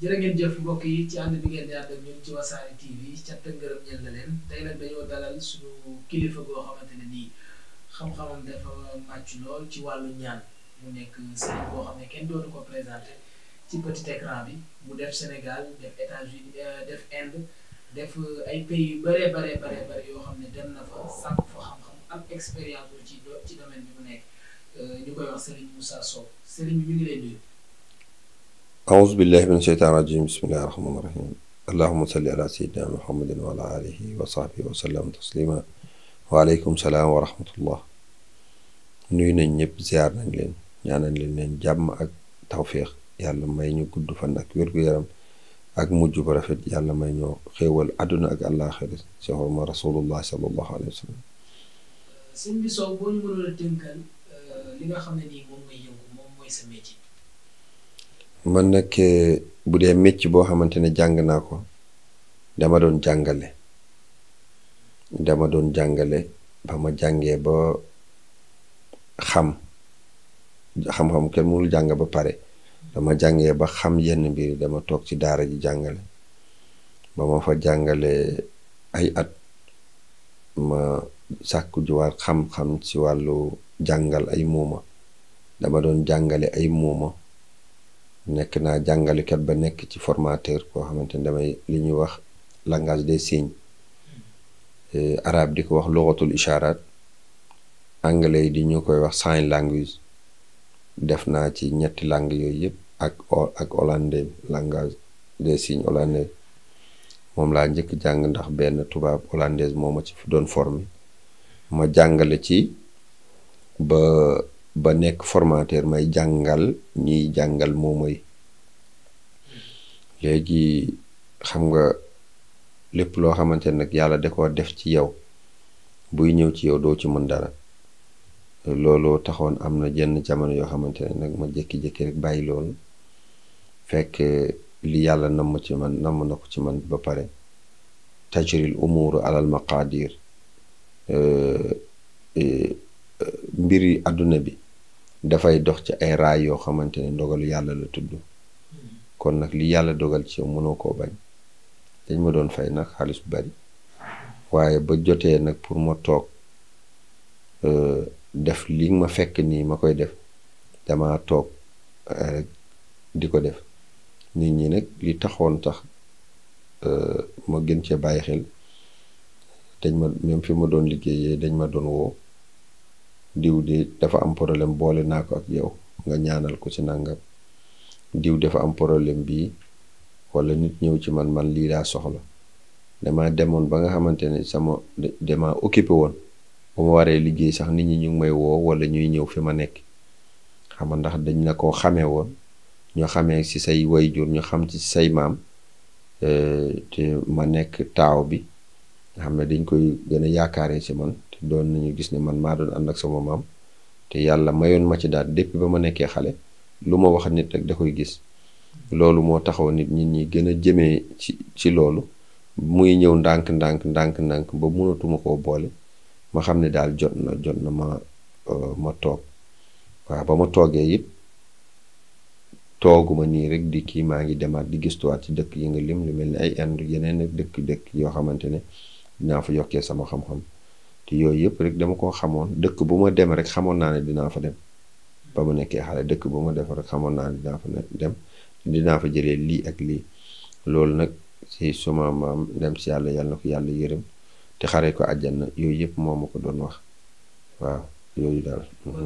jërë ngeen jëf mbokk yi ci ànd bi ngeen di ànd ak ñun ci wasaare TV cant ak ngërëm ñeel na leen tey nag dañoo dalal suñu kilifa goo xamante ne nii xam-xamam dafa màcc lool ci wàllu ñaan mu nekk sëriñ boo xam ne kenn dootu ko présenté ci petit écran bi mu def Sénégal def États-Unis euh, def Inde def euh, ay pays yu bëree bare bare bare yoo xam ne dem na fa sàkk fa xam-xam am expérience ci ci domaine bi mu nekk euh, ñu koy wax Serigne Moussa Sow Serigne bi mi ngi lay ahousubillah min sheytaan rajim bismillahi rahmaani rahim allahuma salli ala seydina muhammadin wa ala alihi wa sahbi wa sallam taslima waaleykum salaam wa rahmatullah nuyu nañ ñëpp ziar nañ leen ñaanal leen leen jàmm ak tawféex yàlla may ñu gudd fan ak wér-gu-yaram ak mujj bu rafet yàlla may ñoo xéewal àdduna ak àllaaxira si xorma rasulullah sallallahu alayhi wa sallam sëñ bi soo boo ñu mënoon a tënkal euh, li nga xam ne nii moom ngay yëngu moom mooy sa métier man nag bu dee mécc boo xamante ne jàng naa ko dama doon jàngale dama doon jàngale ba ma jàngee ba xam xam-xam kenn mënul jàng ba pare dama jàngee ba xam yenn mbir dama toog ci daara ji jàngale ba ma fa jàngale ay at ma sàkku juwaat xam-xam ci wàllu jàngal ay muuma dama doon jàngale ay muuma nekk naa jàngalekat ba nekk ci formateur koo xamante ni damay li ñuy wax langage des signes eh, arabe di ko wax luxatul isharat anglais yi di ñu koy wax sign language def naa ci ñetti langue yooyu yëpp ak ak hollandais langage des signes moom laa njëkk jàng ndax benn tubaab hollandaise moo ma ci doon formé ma jàngale ci ba. ba nekk formateur may jàngal ñiy jàngal moomay léegi xam nga lépp loo xamante nag yàlla da koo def ci yow buy ñëw ci yow doo ci mën dara loolu taxoon am na jenn jamono yoo xamante ne nag ma jékki-jékki rek bàyyi loolu fekk li yàlla namm ci man namm na ko ci man ba pare tajril umuru alal maqadir euh, euh, mbiri àdduna bi dafay dox ci ay raay yoo xamante ne ndogalu yàlla la tudd kon nag li yàlla dogal ci yow mënoo koo bañ dañ ma doon fay nag xaalis bu bari waaye ba jotee nag pour ma toog euh, def li ma fekk nii ma koy def dama toog euh, di ko def nit ñi nag li taxoon tax euh, ma gën cee bàyyi xel dañ ma même fi ma doon liggéeyee dañ ma doon woo diw di dafa am problème boole naa ko ak yow nga ñaanal ko si nangam diw dafa am problème bii wala nit ñëw ci man man lii laa soxla dama demoon ba nga xamante ne sama demaa occupé woon bu ma waree liggéey sax nit ñi ñu ngi may woo wala ñuy ñëw fi ma nekk xam ndax dañ la koo xamee woon ñu xamee si say wayjur ñu xam si say maam eh, te ma nekk taaw bi nga xam ne dañ koy gën a yaakaaree ci man doon nañu gis ne man maa doon ànd ak sama maam te yàlla mayoon ma ci daal depuis ba ma nekkee xale lu ma wax nit rek da koy gis loolu moo taxaw nit ñi ñi gën a jëmee ci ci loolu muy ñëw ndànk ndànk ndànk ndànk ba mënatuma koo boole ma xam ne daal jot na jot na ma euh, ma toog waaw ba ma toogee it tooguma nii rek di kii maa ngi demaat di gëstuwaat ci dëkk yi nga lim lu mel ni ay Inde yeneen dëkk-dëkk yoo xamante ne dinaa fa yokkee sama xam-xam te yooyu yëpp rek dama koo xamoon dëkk bu ma dem rek xamoon naa ne dinaa fa dem ba ma nekkee xale dëkk bu ma def rek xamoon naa ne dinaa fa dem dinaa fa jëlee lii ak lii loolu nag si suma maam dem si yàlla yàlla na ko yàlla yërëm te xaree ko àjjana yooyu yépp moo ma ko doon wax waaw yooyu daal. koo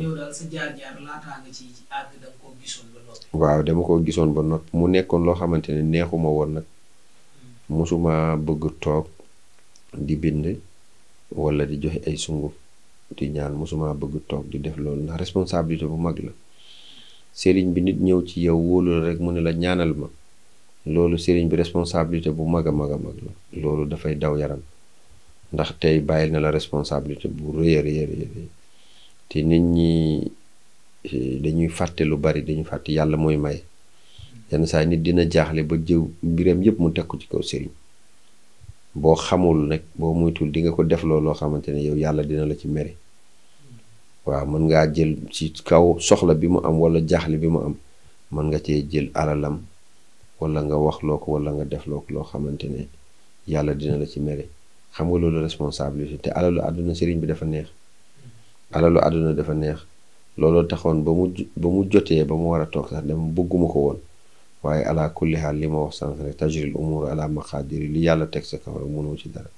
gisoon ba noppi. dama koo gisoon ba noppi mu nekkoon loo xamante ne neexuma woon nag. mosuma hmm. bëgg toog di bind. wala di joxe ay sunguf di ñaan mosuma bëgg toog di def loolu ndax responsabilité bu mag la sëriñ bi nit ñëw ci yow wóolu rek mu ne la ñaanal ma loolu sëriñ bi responsabilité bu mag a mag a mag la loolu dafay daw yaram ndax tey bàyyil na la responsabilité bu rëy a rëy a te nit ñi eh, dañuy fàtte lu bari dañuy fàtte yàlla mooy may yenn saa nit dina jaaxle ba jëw mbiram yëpp mu teg ci kaw sëriñ boo xamul nag boo muytul di nga ko def loo xamante ne yow yàlla dina la ci mere waaw mën ngaa jël ci kaw soxla bi mu am wala jaaxle bi mu am mën nga cee jël alalam wala nga wax loo ko walla nga def loo ko loo xamante ne yàlla dina la ci mere xam nga loolu responsabilité te alalu àdduna sëriñ bi dafa neex alalu àdduna dafa neex looloo taxoon ba mu ba mu jotee ba mu war a toog sax dem bëgguma ko woon waaye ala kulli xaal li ma wax sànq rek tajril umur ala maqadiri li yàlla teg sa kaw rek ci dara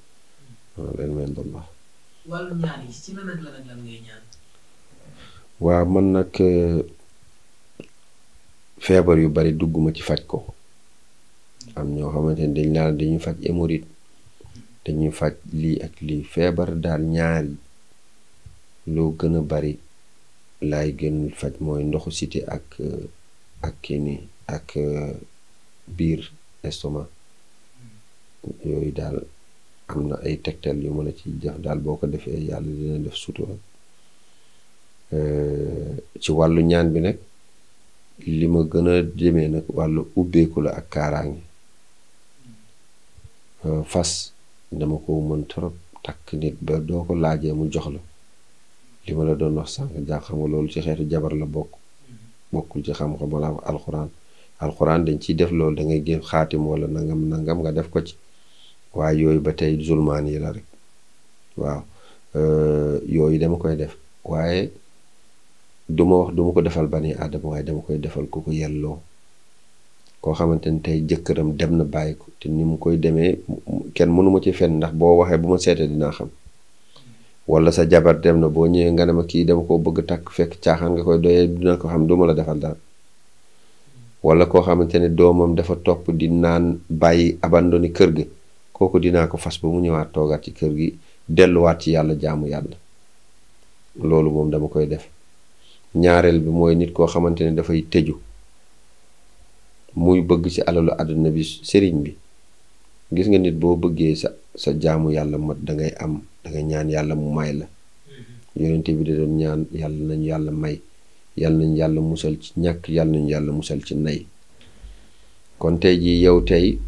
waaw man nag euh, feebar yu bari dugguma ci faj ko am ñoo xamante ne dañ dañuy faj hémorroïde dañuy faj lii ak lii feebar daal ñaari loo gën a bari laay gën faj mooy ndoxu siti ak euh, ak kii nii ak euh, biir estomac yooyu daal am na ay tegtal yu mën a ci def daal boo ko defee yàlla dina def sutura euh, ci wàllu ñaan bi nag li ma gën a jëme nag wàllu ubbeeku la ak kaaraange euh, fas dama ko mën trop takk nit ba doo ko laajee mu jox la li ma la doon wax sànq jaa xam loolu ci xeetu jabar la bokk bokkul ci xam-xam wala alxuraan alxuraan dañ ciy def loolu dangay ngay génn xaatim wala nangam nangam nga def ko ci waaye yooyu ba tey zulmaan yi la rek waaw yooyu dama koy def waaye duma wax duma ko defal bani aadama waaye dama koy defal ku ko yelloo koo xamante ni tey jëkkëram dem na bàyyi te ni mu koy demee kenn mënu ci fen ndax boo waxee bu ma seetee dinaa xam walla sa jabar dem na boo ñëwee nga ne ma kii dama ko bëgg takk fekk caaxaan nga koy doyee dina ko xam du ma la defal dara wala koo xamante ne doomam dafa topp di naan bàyyi abandoni kër gi kooku dinaa ko fas ba mu ñëwaat toogaat ci kër gi delluwaat ci yàlla jaamu yàlla loolu moom dama koy def ñaareel bi mooy nit koo xamante ne dafay tëju muy bëgg ci alalu àdduna bi sëriñ bi gis nga nit boo bëggee sa sa jaamu yàlla mat dangay am da ñaan yàlla mu may la mm-hmm. yonente bi da doon ñaan yàlla may yàlla nañ yàlla musal ci ñàkk yàlla nañ yàlla musal ci nay kon tey jii yow tey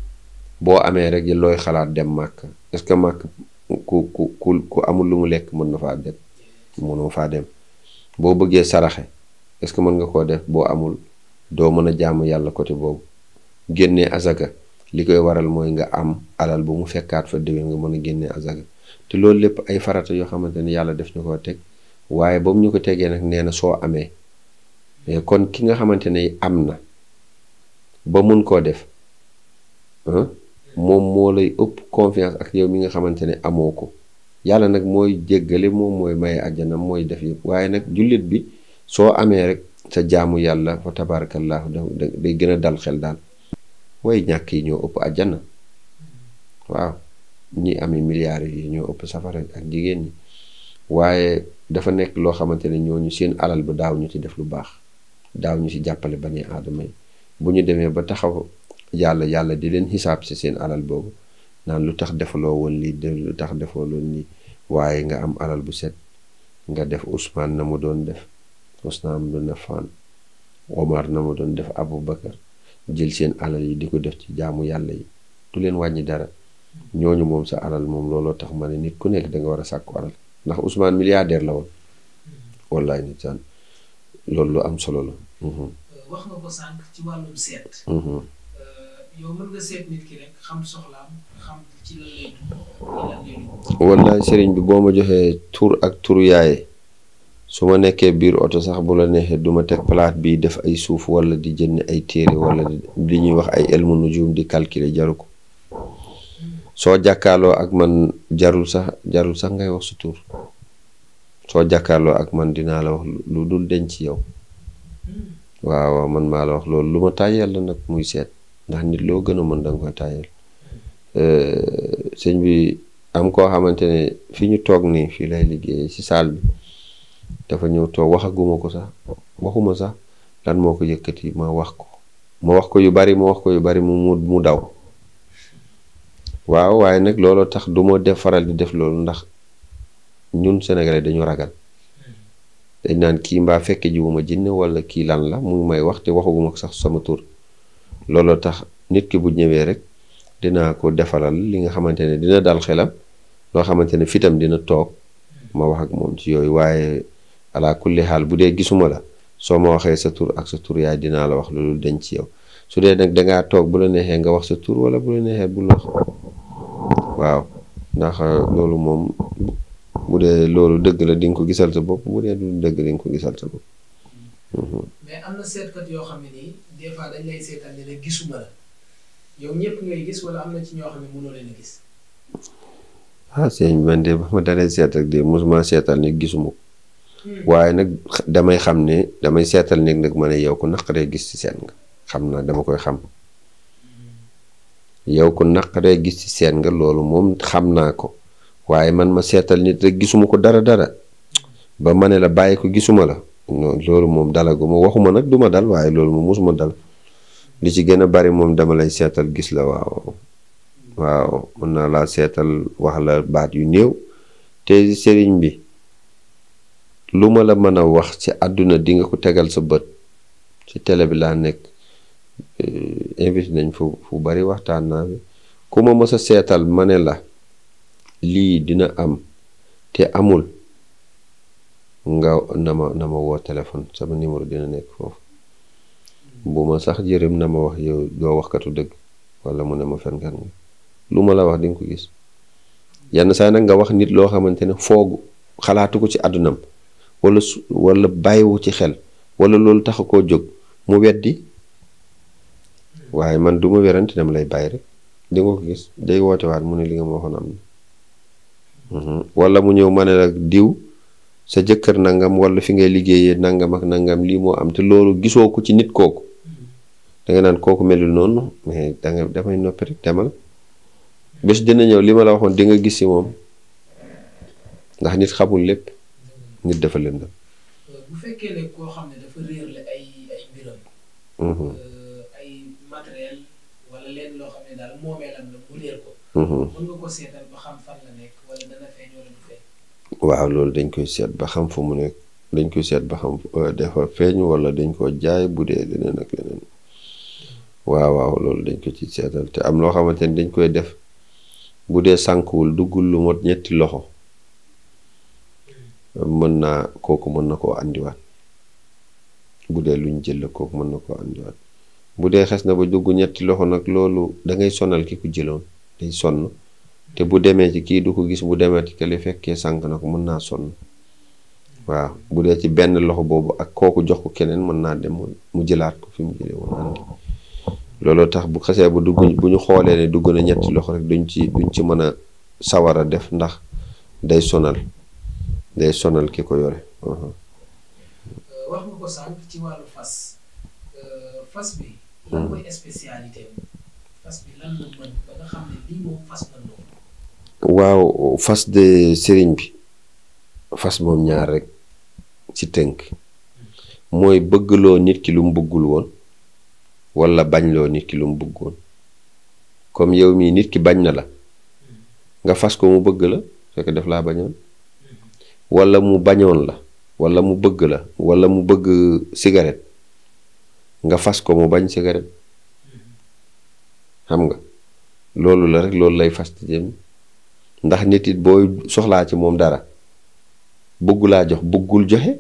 boo amee rek looy xalaat dem màkk est-ce que màkk ku ku ku ku amul lu mu lekk mën na faa dem mënoo faa dem boo bëggee saraxe est-ce que mën nga koo def boo amul doo mën a jàmm yàlla côté boobu génnee asaka li koy waral mooy nga am alal bu mu fekkaat fa déwén nga mën a génnee asaka te loolu lépp ay farata yoo xamante ni yàlla def ñu koo teg waaye ba mu ñu ko tegee nag nee na soo amee mais eh, kon ki nga xamante ne am na ba mën koo def moom moo lay ëpp confiance ak yow mi nga xamante ne amoo ko yàlla nag mooy jéggale moom mooy maye àjjana mooy def yëpp waaye nag jullit bi soo amee rek sa jaamu yàlla fa tabaarakallaahu day gën a dal xel daal way ñàkk yi ñoo ëpp àjjana waaw ñii ami milliards yi ñoo ëpp safara ak jigéen ñi waaye dafa nekk loo xamante ne ñooñu seen alal bu daaw ñu ci def lu baax daaw ñu si jàppale bani aadama yi bu ñu demee ba taxaw yàlla yàlla di leen xisaab si seen alal boobu naan lu tax defaloo woon lii de lu tax defoo loon lii waaye nga am alal bu set nga def Ousmane na mu doon def Ousmane mu doon Affan Omar na mu doon def Aboubacar jël seen alal yi di ko def ci jaamu yàlla yi du leen wàññi dara ñooñu moom sa alal moom looloo tax ma ne nit ku nekk da nga war a sàkku alal ndax Ousmane milliardaire la woon wallaay nit saan loolu lu am solo la Mhm. Euh, wax nga mhm. euh, wallaay sëriñ bi boo ma joxee tur ak turu yaay su ma nekkee biir oto sax bu la neexee duma ma teg plate bi def ay suuf wala di jënd ay téere wala di ñuy wax ay elmu nujum di calculer jaru ko soo jàkkaaloo ak man jarul sax ngay wax sa tur soo jàkkaarloo ak man dinaa la wax lu dul denc yow. waaw man maa la wax loolu lu ma tàyyeel la nag muy seet ndax nit loo gën a mën da nga koy tàyyeel hmm. euh, sëñ bi am koo xamante ne fi ñu toog nii fii lay liggéey ci saal bi dafa ñëw toog waxaguma ko sax waxuma sax lan moo ko yëkkati ma wax ko ma wax ko yu bari ma wax ko yu bari mu mu daw waaw waaye nag looloo tax du def faral di def loolu ndax ñun sénégalais dañu ragal dañ naan kii mbaa fekke ma jinne wala kii lan la mu may wax te waxaguma sax sama tur looloo tax nit ki bu ñëwee rek dinaa ko defaral li nga xamante ne dina dal xelam loo xamante ne fitam dina toog ma wax ak moom ci yooyu waaye ala kulli xaal bu dee gisuma la soo ma waxee sa tur ak sa tur yaay dinaa la wax lu dañ ci yow su dee nag dangaa toog bu la neexee nga wax sa tur wala bu la neexee bul wax waaw ndax loolu moom bu dee loolu dëgg la di nga ko gisal sa bopp mu dee du dëgg di nga ko gisal sa bopp. Mhm. mais am na seetkat yoo leen gis. ah sëñ man de ba ma dalee seet ak de mosuma seetal ne gisuma ko hmm. waaye nag damay xam ne damay seetal ne nag ma ne yow naq naqaree gis ci seen nga xam naa dama koy xam hmm. yow ku naqaree gis ci seen nga loolu moom xam naa ko waaye man ma seetal nit rek gisuma ko dara dara ba ma ne la bàyyi ko gisuma la non loolu moom dalagu ma waxuma nag duma dal waaye loolu moom mosuma dal li ci gën a bari moom dama lay seetal gis la waaw waaw mën naa laa seetal wax la baat yu néew te sëriñ bi lu ma la mën a wax ci àdduna di nga ko tegal sa bët ci tele bi laa nekk euh, invité nañ fu fu bari waxtaan naa ku ma mës a seetal ma ne la lii dina am te amul nga na ma na ma woo téléphone sama numéro dina nekk foofu bu ma sax jërëm na ma wax yow doo waxkatu dëgg wala mu ne ma fenkat nga lu ma la wax di ko gis yenn saa nag nga wax nit loo xamante ne foogu xalaatu ko ci àddunam wala su wala bàyyiwu ci xel walla loolu tax koo jóg mu weddi waaye man du ma werante dama lay bàyyi rek di ko gis day woote waat mu ne li nga ma waxoon am na Mhm. wala mu ñëw ma ne la diw sa jëkkër nangam walla fi ngay liggéeyee nangam ak nangam lii moo am te loolu gisoo ko ci nit kooku da nga naan kooku melul noonu mais da nga damay noppi rek ñëw li ma la waxoon di nga gis si moom ndax nit xamul lépp nit dafa lëndëm. Euh, leen waaw loolu dañ koy seet ba xam fu mu nekk dañ koy seet ba xam euh, defa feeñ wala dañ ko jaay bu dee leneen ak leneen waaw waaw loolu dañ ko ci seetal te am loo xamante ne dañ koy def bu dee sànkuwul duggul lu mot ñetti loxo mën naa kooku mën na koo andiwaat bu dee luñ jël la mën na koo dee xes na ba dugg ñetti loxo nag loolu da ngay sonal ki ku jëloon day sonn. te bu demee ci kii du ko gis bu demee ci kële fekkee sànq na ko mën naa sonn waaw bu dee ci benn loxo boobu ak kooku jox ko keneen mën naa dem mu jëlaat ko fi mu jëlee woon looloo tax bu xasee ba dugg bu ñu xoolee ne dugg na ñetti loxo rek duñ ci duñ ci mën a sawar a def ndax day sonal day sonal ki ko yore. Uh-huh. Euh, waaw fas de sëriñ bi fas moom ñaar rek ci tënk mooy bëggloo nit ki lu mu bëggul woon wala bañloo nit ki lu mu bëgg woon comme yow mii nit ki bañ na la nga fas ko mu bëgg la fekk def laa bañoon walla mu bañoon la wala mu bëgg la walla mu bëgg cigarette nga fas ko mu bañ cigarette xam nga loolu la rek loolu lay fas te jëm ndax nit it booy soxlaa ci moom dara bëggulaa laa jox bëggul joxe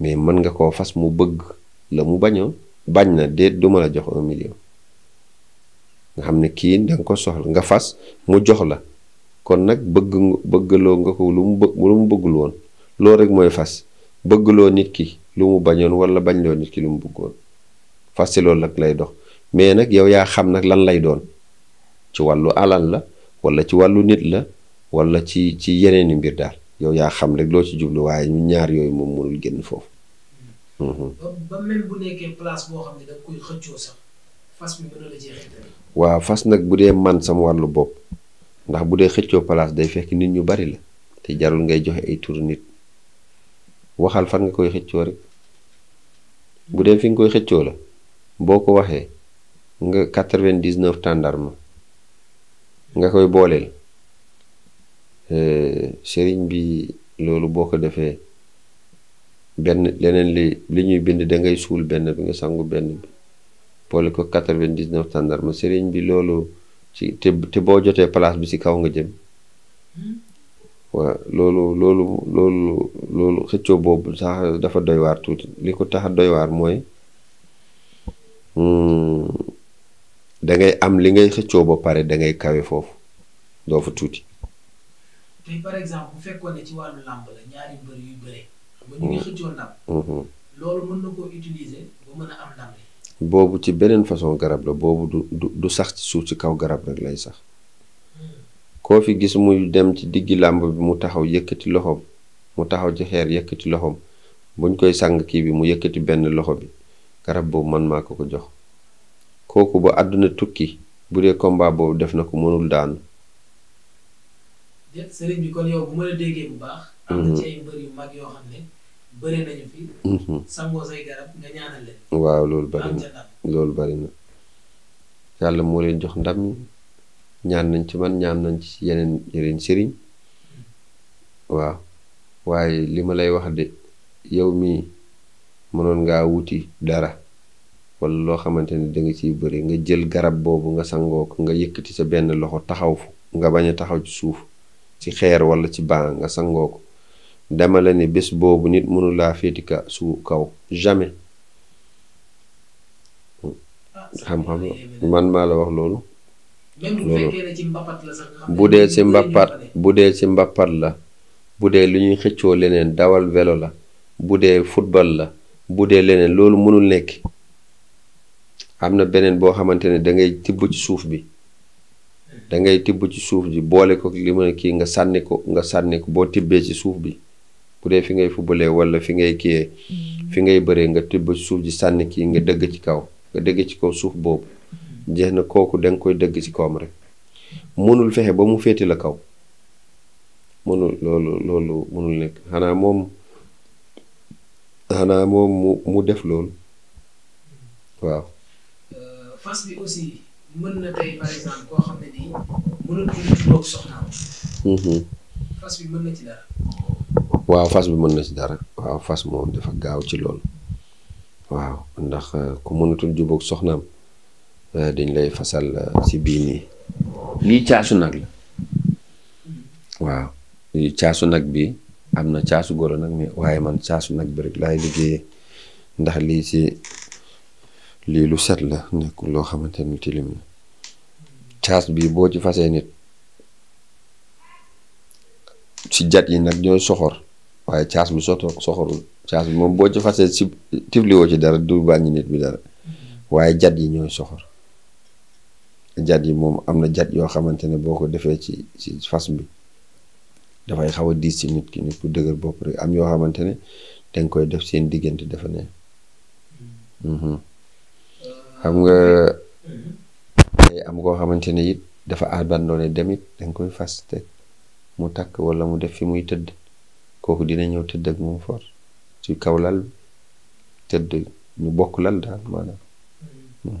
mais mën nga koo fas mu bëgg la mu bañoon bañ na déet du ma la jox un nga xam ne kii da nga ko soxla nga fas mu jox la kon nag bëgg bëggaloo nga ko lu mu bëggul woon loolu rek mooy fas bëggloo nit ki lu mu bañoon wala bañloo nit ki lu mu bëggoon fas si loolu nag lay dox mais nag yow yaa xam nag lan lay doon ci wàllu alal la wala ci wàllu nit la walla ci ci yeneen i mbir daal yow yaa xam rek loo ci jublu waaye ñu ñaar yooyu moom mënul génn foofu. Mhm. ba fas waaw fas nag bu dee man sama wàllu bopp ndax bu dee xëccoo place day fekk nit ñu bari la te jarul ngay joxe ay tur nit waxal fan nga koy xëccoo rek bu dee fi nga koy xëccoo la boo ko waxee nga quatre-vingt-dix-neuf tàndarma nga koy booleel euh, sëriñ bi loolu boo ko defee benn leneen li li ñuy bind da ngay suul benn bi nga sangu benn bi boole ko quatre vingt tàndarma sëriñ bi loolu ci te te boo jotee place bi ci kaw nga jëm waaw loolu loolu loolu loolu xëccoo boobu sax dafa doy waar tuuti li ko tax a doy waar mooy. Hmm, dangay am li ngay xëccoo ba pare dangay ngay kawe foofu doo fa tuuti. Mm-hmm. Mm-hmm. boobu ci beneen façon garab la boobu du sax ci suuf ci kaw garab rek lay sax. Mm. koo fi gis muy dem ci diggi làmb bi mu taxaw yëkkati loxoom mu taxaw ci xeer yëkkati loxoom buñ koy sàng kii bi mu yëkkati benn loxo bi garab boobu man maa ko ko jox. kooku ba àdduna tukki bu dee combat def na ko mënul daanu. sëriñ bi kon yow bu mhm. mhm. waaw loolu bari loolu bari yàlla moo leen jox ndam yi ñaan nañ ci man ñaan nañ ci yeneen yeneen sëriñ waaw waaye li ma lay wax de yow mii mënoon ngaa wuti dara. wala loo xamante ni da nga ciy bëri nga jël garab boobu nga sangoo ko nga yëkkati sa benn loxo taxaw fu nga bañ a taxaw ci suuf ci xeer wala ci baa nga sangoo ko dama la ne bés boobu nit mënu laa féeti ka su kaw jamais xam-xam man maa la wax loolu loolu bu dee mbappat bu dee ci mbappat la bu dee lu ñuy xëccoo leneen dawal welo la bu dee football la bu dee leneen loolu mënul nekk am na beneen boo xamante ne da ngay tibb ci suuf bi dangay ngay tibb ci suuf bi boole ko li ma kii nga sànni ko nga sànni ko boo tibbee ci suuf bi bu dee fi ngay fubalee walla fi ngay kiyee mm. fi ngay bëree nga tibb ci suuf ji sànni kii nga dëgg ci kaw nga dëgg ci kaw suuf boobu mm. jeex na kooku danga koy dëgg ci kawam rek mënul fexe ba mu féete la kaw mënul loolu loolu mënul nekk xanaa moom xanaa moom mu mu def loolu waaw fas bi aussi mhm. mën na ci dara. waaw fas bi mën na ci dara waaw fas moom dafa gaaw ci loolu waaw ndax euh, ku mënatul jubóog soxnaam euh, dañ lay fasal euh, ci bii nii caasu nag la hmm. waaw caasu nag bi am na caasu golo nag mais waaye man caasu nag bi rek laay liggéeyee ndax lii ci lii lu set la nekkul loo xamante ni tilim la caas bi boo ci fasee nit ci jat yi nag ñooy soxor waaye caas bi soto soxorul caas bi moom boo ci fasee si tifliwoo ci dara du bàññi nit bi dara waaye jat yi ñooy soxor jat yi moom am na jat yoo xamante ne boo ko defee ci ci fas bi dafay xaw a diis ci nit ki nit ku dëgër bopp rek am yoo xamante ne danga koy def seen diggante dafa ne mm-hmm. Mm-hmm. xam nga am koo xamante ne dafa abandonné dem it da koy fas te mu takk wala mu def fi muy tëdd kooku dina ñëw tëdd ak moom for ci kaw lal tëdd ñu bokk lal daal maanaam. lan la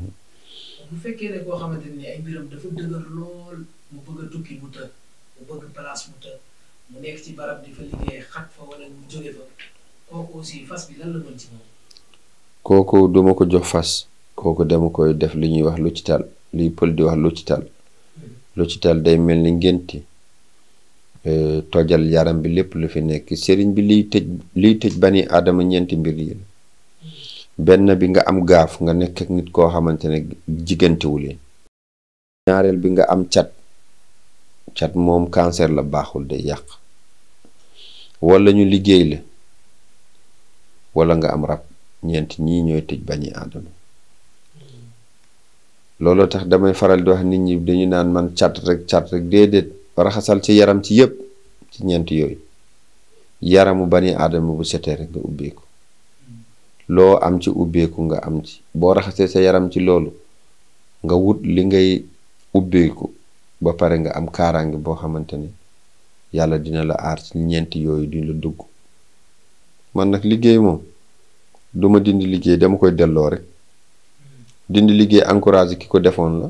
mën ci kooku duma ko jox fas. kooku dama koy def li ñuy wax luccital luy pël di wax luccital luccital day mel ni ngénti e, tojal yaram bi lépp lu fi nekk sëriñ bi liy tëj liy tëj bani aadama ñeenti mbir yi benn bi nga am gaaf nga nekk ak nit koo xamante ne jiggantewu ñaareel bi nga am cat cat moom cancer la baaxul day yàq wala ñu liggéey la wala nga am rab ñeent ñii ñooy tëj bani aadama looloo tax damay faral di wax nit ñi dañu naan man cat rek cat rek déedéet raxasal ci yaram ci yépp ci ñeent yooyu yaramu bani aadama bu setee rek nga ubbeeku loo am ci ubbeeku nga am ci boo raxasee sa yaram ci loolu nga wut li ngay ubbeeku ba pare nga am kaaraange boo xamante ni yàlla dina la aar ci ñeent yooyu di la dugg man nag liggéey moom duma dindi liggéey dama koy delloo rek dindi liggéey encouragé ki ko defoon la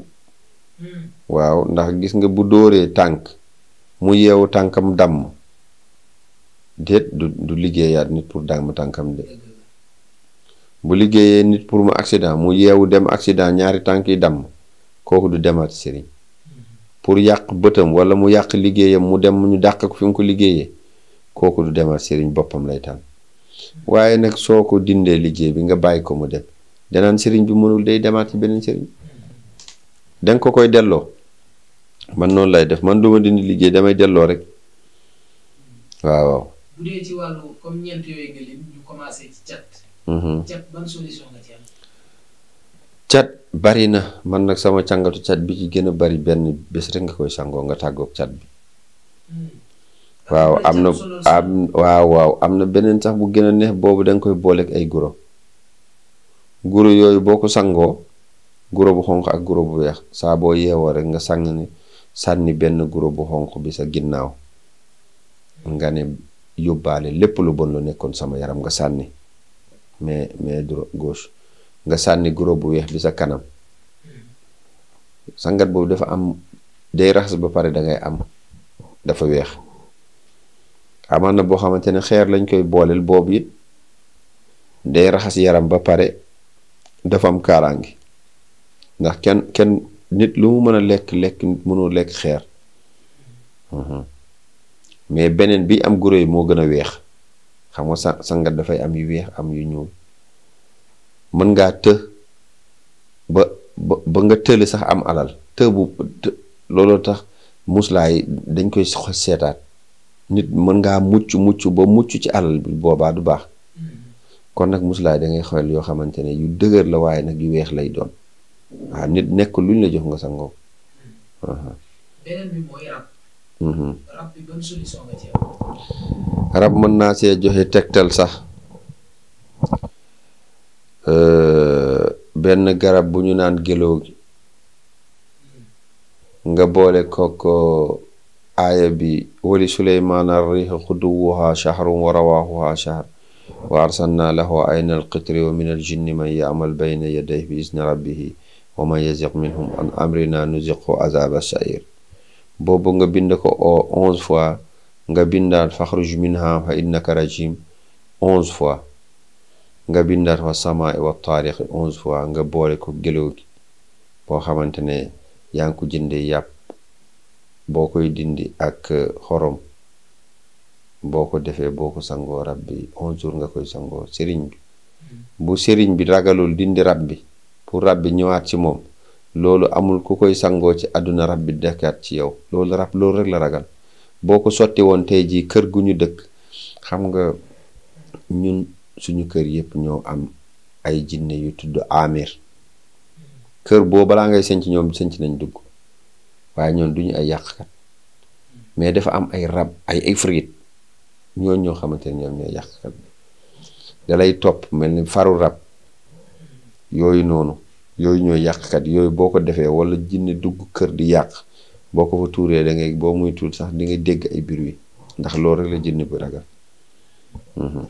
hmm. waaw ndax gis nga bu dóoree tànk mu yeewu tànkam damm déet du du liggéeyaat nit pour damm tànkam bu liggéeyee nit pour mu accident mu yeewu dem accident ñaari tànk yi damm kooku du demaat sëriñ hmm. pour yàq bëtam wala mu yàq liggéeyam mu dem mu ñu dàq ko fi mu ko liggéeyee kooku du demaat sëriñ boppam lay tànn hmm. waaye nag soo ko dindee liggéey bi nga bàyyi ko mu dem denaan sëriñ bi mënul day demaat ci beneen sëriñ danga ko koy delloo man noonu lay def man duma dindi liggéey damay delloo rek waaw waaw. bu dee mhm. bari na man nag sama càngatu cat bi ci gën a bari benn bés rek nga koy sangoo nga tàggoog cat bi. Hmm. waaw am na am waaw waaw am na beneen sax bu gën a neex boobu danga koy booleek ay goro. guro yooyu boo ko sangoo guro bu xonq ak guro bu weex saaboo boo yeewoo rek nga sàng ni sànni benn guro bu xonq bi sa ginnaaw nga ne yóbbaale lépp lu bon lu nekkoon sama yaram nga sànni mais mais droite gauche nga sànni guro bu weex bi sa kanam sangat boobu dafa am day raxas ba pare da ngay am dafa weex amaan na boo xamante ne xeer lañ koy booleel boobu it day raxas yaram ba pare dafa am kaaraangi ndax kenn kenn nit lu mu mën a lekk lekk nit mënoo lekk xeer mhm. mais beneen bi am guro yi moo gën a weex xam nga sa sangat dafay am yu weex am yu ñuul mën ngaa të ba ba ba nga tële sax am alal të bu looloo tax muslaay dañ koy seetaat nit mën ngaa mucc mucc ba mucc ci alal bi boobaa du baax kon nag musulaay da ngay xool yoo xamante ne yu dëgër la waaye nag yu weex lay doon waaw nit nekk luñ la jox nga sangoo. beneen mhm. nga ci rab mën naa see joxe tegtal sax benn garab bu ñu naan géloo nga boole kook aaya bi wali suleymaan ar riix xuduwuha shahrun wa rawaaxuha shahr wa arsalna lahu ayna alqitri wa min aljinni man yaamal bayna yadayhi bi izni rabbihi wa man yaziq minhum an amrina nuziqhu azaba sair boobu nga bind ko onze fois nga bindaat faxruj minha fa innaka rajim onze fois nga bindaat fa samaai wa taariqi onze fois nga boole ko gëloo gi boo xamante ne yaa ngi ko jëndee yàpp ak xorom boo ko defee boo ko sangoo rab bi onze jours nga koy sangoo sëriñ bi hmm. bu sëriñ bi ragalul dindi rab bi pour rab bi ñëwaat ci moom loolu amul ku koy sangoo ci àdduna rab bi dekkaat ci yow loolu rab loolu rek la ragal boo ko sotti woon tey jii kër gu ñu dëkk xam nga ñun suñu kër yëpp ñoo am ay jinne yu tudd amir kër boo balaa ngay sënc ñoom senc nañ dugg waaye ñoom duñu ay yàqkat hmm. mais dafa am ay rab ay ifrit ñooñu ñoo xamante ne ñoom ñooy yàq bi da topp mel ni faru rab yooyu noonu yooyu ñooy yàqkat yooyu boo ko defee wala jinne dugg kër di yàq boo ko fa tuuree da boo muy tuur sax di nga dégg ay bruit ndax loolu rek la jinne bi ragal. Mhm.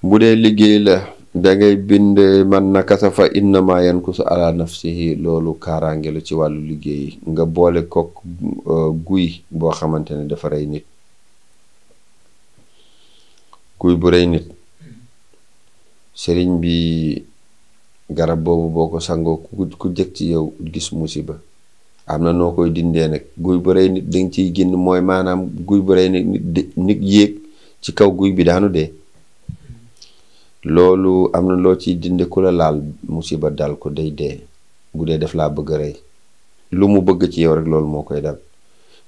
bu bu dee liggéey la. da ngay bind man na kasafa innama yankusu ala nafsihi loolu kaaraange la ci wàllu liggéey nga boole kook euh, guy boo xamante ne dafa rey nit guy bu rey nit sëriñ bi garab boobu boo ko sangoo ku jëkk ci yow gis musiba am na noo koy dindee nag guy bu rey nit danga ciy génn mooy maanaam guy bu rey nit nit yéeg ci kaw guy bi daanu dee loolu am na loo ciy dindi ku la laal musiba daal ko day dee bu dee def laa bëgg rey lu mu bëgg ci yow rek loolu moo koy dal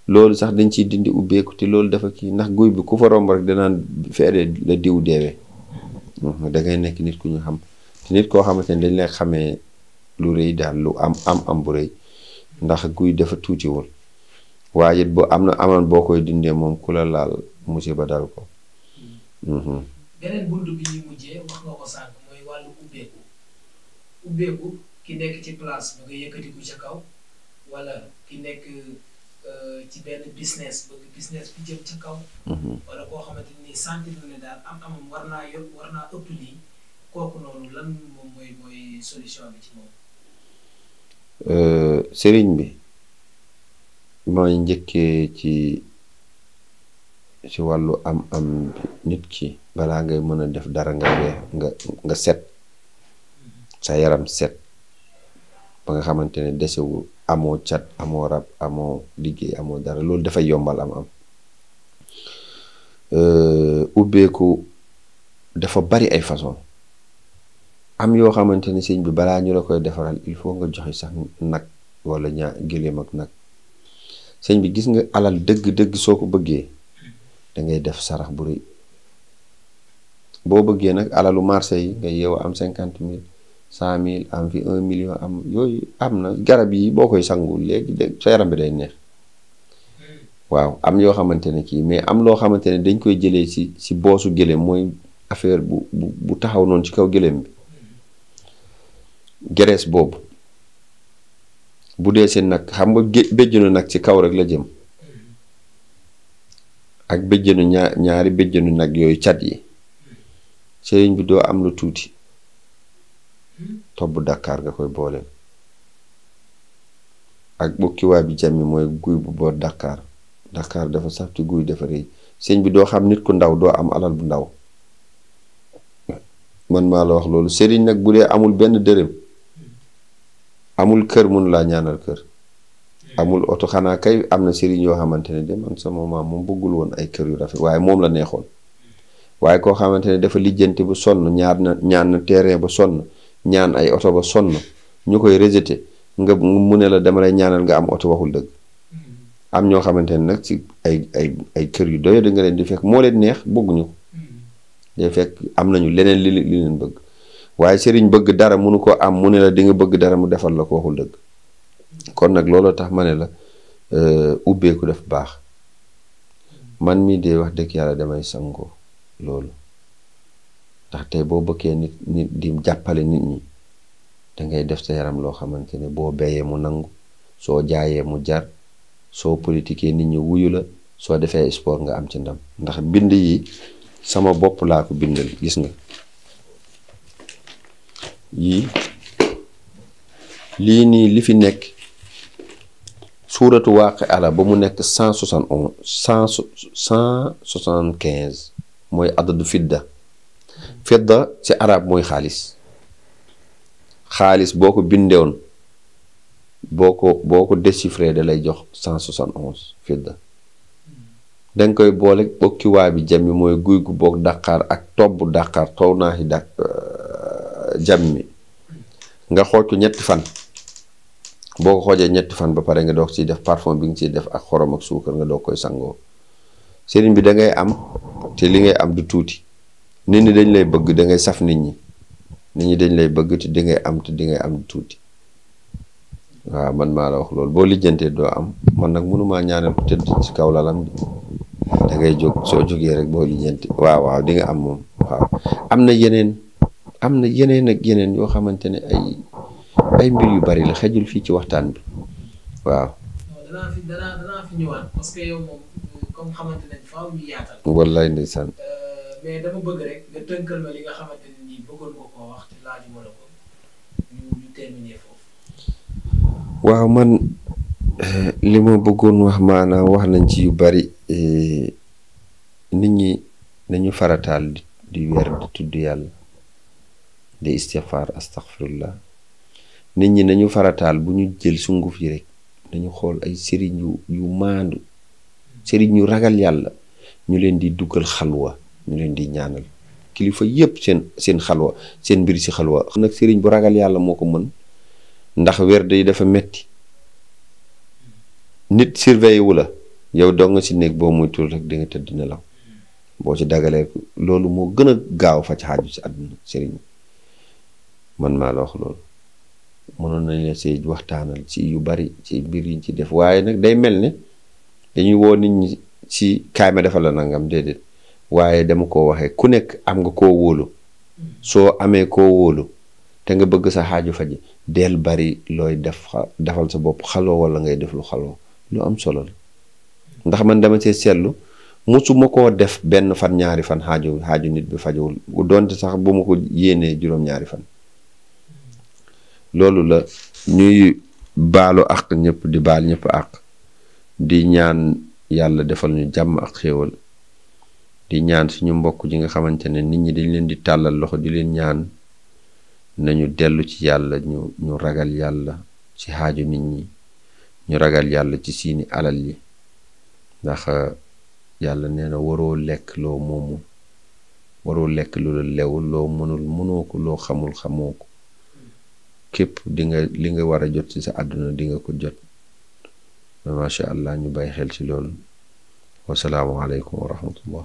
loolu sax dañ ciy dindi ubbeeku te loolu dafa kii ndax guy bi ku fa romb rek danaan feere diw deewee hm, da nekk nit ku ñu xam te nit koo xamante ne dañ lay xamee lu rëy lu am am am bu ndax guy dafa tuutiwul waaye it boo am na amoon boo koy dindee moom ku la laal musiba daal ko. Hm, hm. beneen bunt bi ñuy mujjee wax nga ko sànq mooy wàllu ubbeeku ubbeeku ki nekk ci place ba nga yëkkatiku ca kaw wala ki nekk euh, ci benn business bëgg business bi jëm ca kaw. Mhm. wala koo xamante ni sentir na ne daal am amam war naa yokk war naa ëpp lii kooku noonu lan moom mooy solution bi ci moom. Euh, sëriñ bi mooy njëkkee ci. si wàllu am am nit ki balaa ngay mën a def dara nga set sa yaram set ba nga xamante ne desewu amoo cat amoo rab amoo liggéey amoo dara loolu dafa yombal am am euh, ubbeeku dafa bari ay façon am yoo xamante ne sëñ bi balaa ñu la koy defaral il faut nga joxe sax nag wala ñaa gëléem ak nag sëñ bi gis nga alal dëgg dëgg soo ko bëggee da ngay def sarax bu rëy boo bëggee nag alalu marché yi nga yeewu am cinquante mille cent mille am fi un million am yooyu am na garab yi boo koy sangu léegi de sa yaram bi day neex waaw am yoo xamante ne kii mais am loo xamante ne dañ koy jëlee si si boosu gëléem mooy affaire bu bu bu taxaw noonu ci kaw gëléem bi gerees boobu bu dee seen nag xam nga béjjunu nag ci kaw rek la jëm ak béjjënu ñaari béjjënu nag yooyu cat yi sëriñ bi doo am lu tuuti tobb daqaar nga koy booleel ak bukkiwaay bi jàmmi mooy guy bu boor Dakar daqaar dafa safti guy dafa rëy sëñ bi doo xam nit ku ndaw doo am alal bu ndaw man maa la wax loolu sëriñ nag bu dee amul benn dërëm amul kër mun laa ñaanal kër amul oto xanaa kay am na sëriñ yoo xamante ne de man sama maam moom bëggul woon ay kër yu rafet waaye moom la neexoon waaye koo xamante ne dafa lijjanti bu sonn ñaar na ñaan na terrain ba sonn ñaan ay oto ba sonn ñu koy rejeté nga mu ne la dama lay nga am oto waxul dëgg ñoo xamante ne nag ci ay ay kër yu doy nga leen di fekk moo leen neex bëgguñu ko day fekk am nañu leneen li li leen bëgg waaye sëriñ bëgg dara mënu ko am mu ne la di nga bëgg dara mu defal la ko waxul dëgg kon nag looloo tax ma ne la euh, ubbeeku def baax man mii de wax dëgg yàlla damay sangoo loolu ndax tey boo bëggee nit nit di jàppale nit ñi dangay def sa yaram loo xamante ne boo béyee mu nangu soo jaayee mu jar soo politiquee nit ñi wuyu la soo defee sport nga am ci ndam ndax bind yi sama bopp laa ko bindal gis nga yii lii nii li fi nekk suuratu waaqi'a la ba mu nekk cent soixante onze cent cent soixante quinze mooy adadu fidda fidda ci arab mooy xaalis xaalis boo ko bindewoon boo ko boo ko déchiffré da lay jox cent soixante onze fidda danga koy boole bokki waa jam mi mooy guy gu boog daqaar ak tobb daqaar tow naaxi daq euh, jam mi nga xool ñetti fan boo ko xoojee ñetti fan ba pare nga doog ciy def parfum bi nga ciy def ak xorom ak suukar nga doog koy sangoo sëriñ bi dangay am te li ngay am du tuuti nit ñi dañ lay bëgg dangay saf nit ñi nit ñi dañ lay bëgg te di am te di ngay am du tuuti waaw man maa la wax loolu boo lijjantee doo am man nag mënumaa ñaanal ku kaw lalam da ngay jóg soo jógee rek boo lijjante waaw waaw di nga am moom waaw am na yeneen am na yeneen ak yeneen yoo xamante ne ay mbir yu bari la xejul fii ci waxtaan bi waaw. man li ma bëggoon wax maanaam wax nañ ci yu bari e, nit ñi nañu farataal di weer di tudd yàlla di istighfar astaghfirullah nit ñi nañu farataal bu ñu jël sunguf yi rek nañu xool ay sëriñ yu yu maandu sëriñ yu ragal yàlla ñu leen di duggal xalwa ñu leen di ñaanal kilifa yépp seen xalwa seen mbir si xalwa nag sëriñ bu ragal yàlla moo ko mën ndax werd yi dafa metti nit surveille wu la yow doo nga si néeg boo moytul rek di nga tëdd nelaw boo ci dagalee loolu moo gën a gaaw faj xaaju ci àdduna sëriñ man maa la wax loolu mënoon nañ la see waxtaanal ci yu bari ci mbir yiñ ci def waaye nag day mel ne dañuy woo nit ñi si kaay ma defal la nangam déedéet waaye dama koo waxee ku nekk am nga koo wóolu soo amee koo te nga bëgg sa xaaju faji del bari looy def defal sa bopp xaloo wala ngay def lu xaloo lu am solo la ndax man dama see seetlu musuma koo def benn fan ñaari fan xaaju xaaju nit bi fajowul donte sax bu ma ko yéenee juróom-ñaari fan loolu la ñuy baalu àq ñépp di baal ñëpp àq di ñaan yàlla defal ñu jàmm ak xéewal di ñaan suñu mbokk ji nga xamante ne nit ñi dañ leen di tàllal loxo di leen ñaan nañu dellu ci yàlla ñu ragal yàlla ci xaaju nit ñi ñu ragal yàlla ci siini alal yi ndax euh, yàlla nee waroo lekk loo moomu waroo lekk lu la lewul loo mënul mënoo ko loo xamul xamoo ko képp di nga li nga war a jot si sa àdduna di nga ko jot macha allah ñu bàyyi xel ci loolu wasalaamualeykum wa